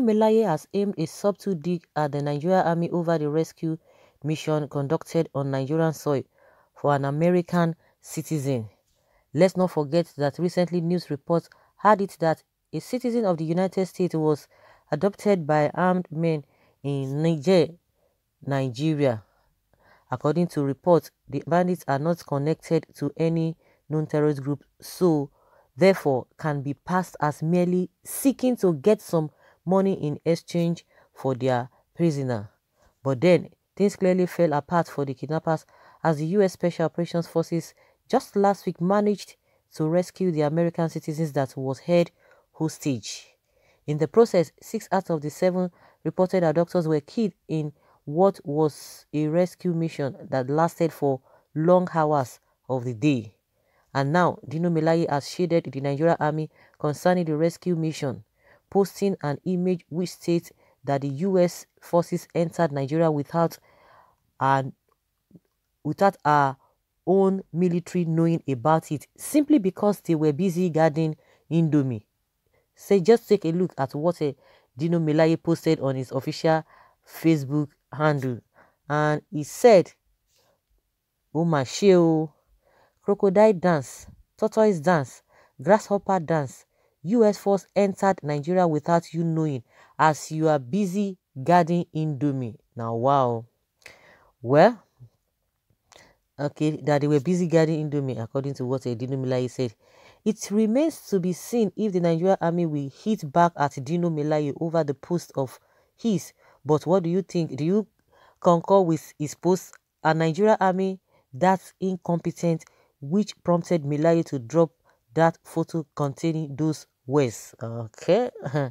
Dino has aimed a subtle dig at the Nigerian Army over the rescue mission conducted on Nigerian soil for an American citizen. Let's not forget that recently news reports had it that a citizen of the United States was adopted by armed men in Niger, Nigeria. According to reports, the bandits are not connected to any known terrorist group, so therefore can be passed as merely seeking to get some money in exchange for their prisoner. But then, things clearly fell apart for the kidnappers as the U.S. Special Operations Forces just last week managed to rescue the American citizens that was held hostage. In the process, six out of the seven reported abductors were killed in what was a rescue mission that lasted for long hours of the day. And now, Dino Melaye has shaded the Nigerian army concerning the rescue mission posting an image which states that the U.S. forces entered Nigeria without an without our own military knowing about it simply because they were busy guarding Indomie. Say, so just take a look at what a uh, Dino Milaye posted on his official Facebook handle. And he said, Umashio, oh, oh, crocodile dance, tortoise dance, grasshopper dance, US force entered Nigeria without you knowing as you are busy guarding Indomie. Now, wow. Well, okay, that they were busy guarding Indomie, according to what Edinomilai said. It remains to be seen if the Nigerian army will hit back at Dino Melaye over the post of his. But what do you think? Do you concur with his post? A Nigerian army that's incompetent, which prompted Melaye to drop that photo containing those ways. Okay. uh,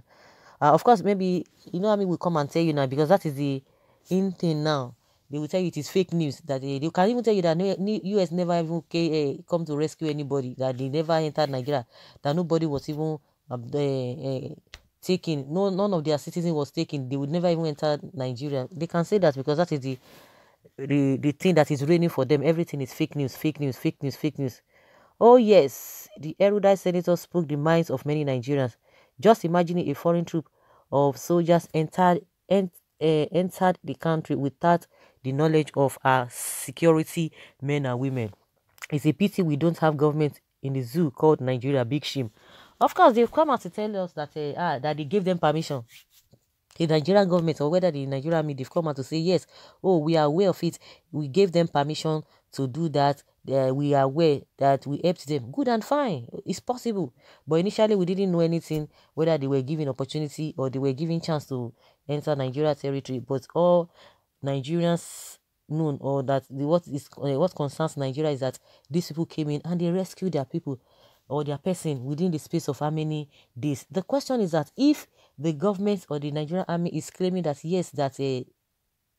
of course, maybe you know I mean. We come and tell you now because that is the in thing now. They will tell you it is fake news that they, they can even tell you that U.S. never even came, eh, come to rescue anybody. That they never entered Nigeria. That nobody was even uh, uh, taken. No, none of their citizens was taken. They would never even enter Nigeria. They can say that because that is the the, the thing that is raining for them. Everything is fake news, fake news, fake news, fake news. Oh yes, the erudite senator spoke the minds of many Nigerians. Just imagining a foreign troop of soldiers entered, ent, uh, eh, entered the country without the knowledge of our security men and women. It's a pity we don't have government in the zoo called Nigeria Big Shim. Of course, they've come out to tell us that, uh, ah, that they gave them permission the Nigerian government or whether the Nigerian media have come out to say yes, oh, we are aware of it. We gave them permission to do that that we are aware that we helped them. Good and fine. It's possible. But initially, we didn't know anything whether they were given opportunity or they were given chance to enter Nigeria territory. But all Nigerians know, or that the, what is uh, what concerns Nigeria is that these people came in and they rescued their people or their person within the space of how many days. The question is that if the government or the Nigerian army is claiming that yes, that uh,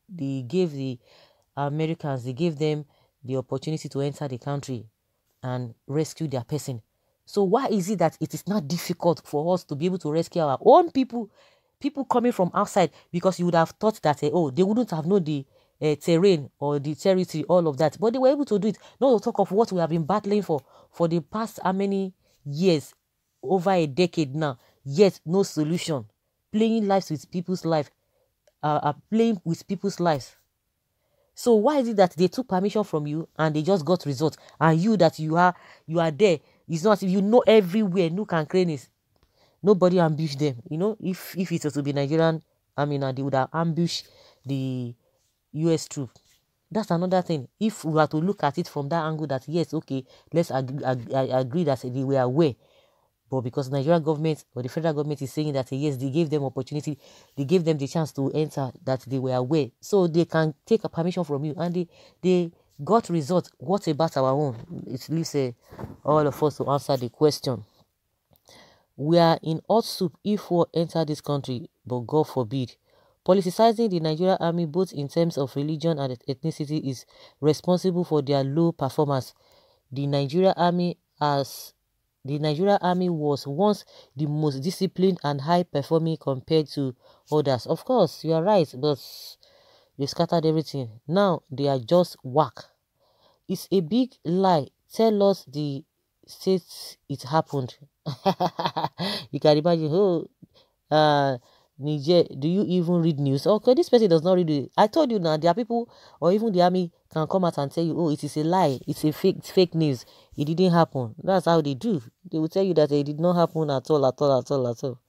they gave the Americans, they gave them the opportunity to enter the country and rescue their person. So why is it that it is not difficult for us to be able to rescue our own people, people coming from outside? Because you would have thought that uh, oh they wouldn't have known the uh, terrain or the territory, all of that, but they were able to do it. Not to talk of what we have been battling for for the past how many years, over a decade now. Yet no solution. Playing lives with people's life, uh, uh playing with people's lives so why is it that they took permission from you and they just got results? And you that you are you are there. It's not you know everywhere, nook and crannies. Nobody ambush them. You know, if if it was to be Nigerian I mean they would have ambushed the US troop. That's another thing. If we are to look at it from that angle that yes, okay, let's ag ag agree that they were aware but because Nigerian government or the federal government is saying that yes, they gave them opportunity, they gave them the chance to enter, that they were aware, so they can take a permission from you, and they they got results. What about our own? It leaves uh, all of us to answer the question. We are in hot soup if we enter this country, but God forbid. Politicizing the Nigerian army both in terms of religion and ethnicity is responsible for their low performance. The Nigerian army has the Nigerian army was once the most disciplined and high-performing compared to others. Of course, you are right, but they scattered everything. Now they are just whack. It's a big lie. Tell us the state it happened. you can imagine, oh, uh, Niger, do you even read news? Okay, this person does not read it. I told you now, there are people or even the army can come out and tell you, oh, it is a lie, it's a fake, it's fake news. It didn't happen. That's how they do. They will tell you that eh, it did not happen at all, at all, at all, at all.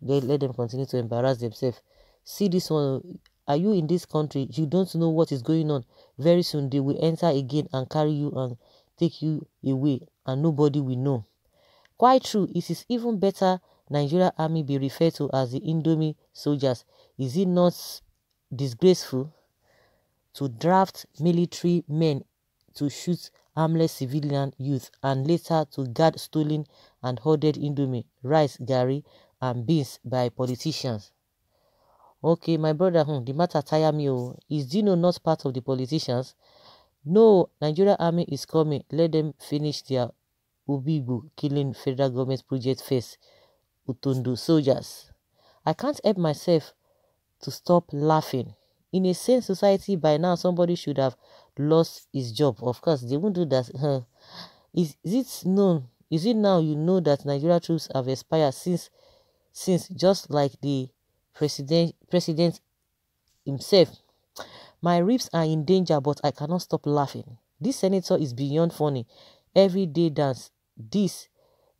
They let them continue to embarrass themselves. See this one. Are you in this country? You don't know what is going on. Very soon they will enter again and carry you and take you away, and nobody will know. Quite true. It is even better Nigeria army be referred to as the Indomie soldiers. Is it not disgraceful to draft military men to shoot harmless civilian youth, and later to guard stolen and hoarded indomie, rice, gari, and beans by politicians. Okay, my brother, hmm, the matter tire me. Oh, Is Dino not part of the politicians? No, Nigeria army is coming. Let them finish their Ubibu killing federal government project first. Utundu soldiers. I can't help myself to stop laughing in a sane society by now somebody should have lost his job of course they won't do that huh. is, is it known is it now you know that nigeria troops have expired since since just like the president president himself my ribs are in danger but i cannot stop laughing this senator is beyond funny everyday dance this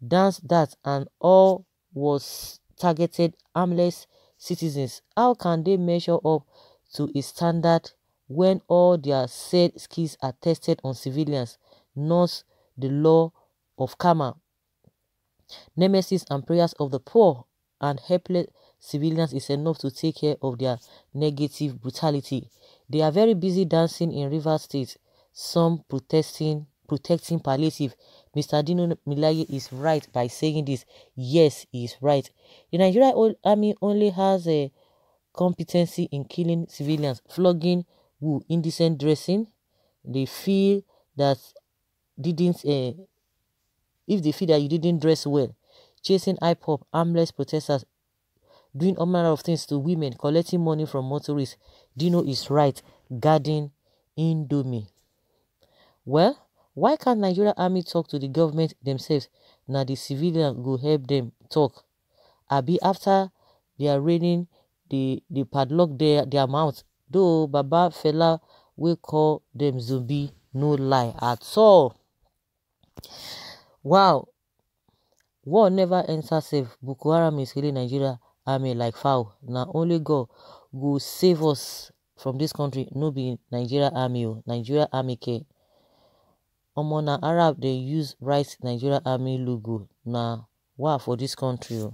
dance that and all was targeted harmless citizens how can they measure up to a standard when all their said skills are tested on civilians, not the law of karma. Nemesis and prayers of the poor and helpless civilians is enough to take care of their negative brutality. They are very busy dancing in River State, some protesting, protecting palliative. Mr. Dino Milaye is right by saying this. Yes, he is right. The Nigerian Army only has a eh, competency in killing civilians, flogging, who indecent dressing. They feel that didn't uh, if they feel that you didn't dress well, chasing hip hop, armless protesters, doing all manner of things to women, collecting money from motorists. Dino is right, guarding Indomie. Well, why can't Nigeria army talk to the government themselves? Now the civilian go help them talk. bit after they are raining The the padlock their their mouth though baba fella wey call dem zombie no lie at all wow war never enter safe boko haram is really nigeria army like fowl na only god go save us from this country no be nigeria army o nigeria army care omo na arab dey use write nigeria army logo na war for this country o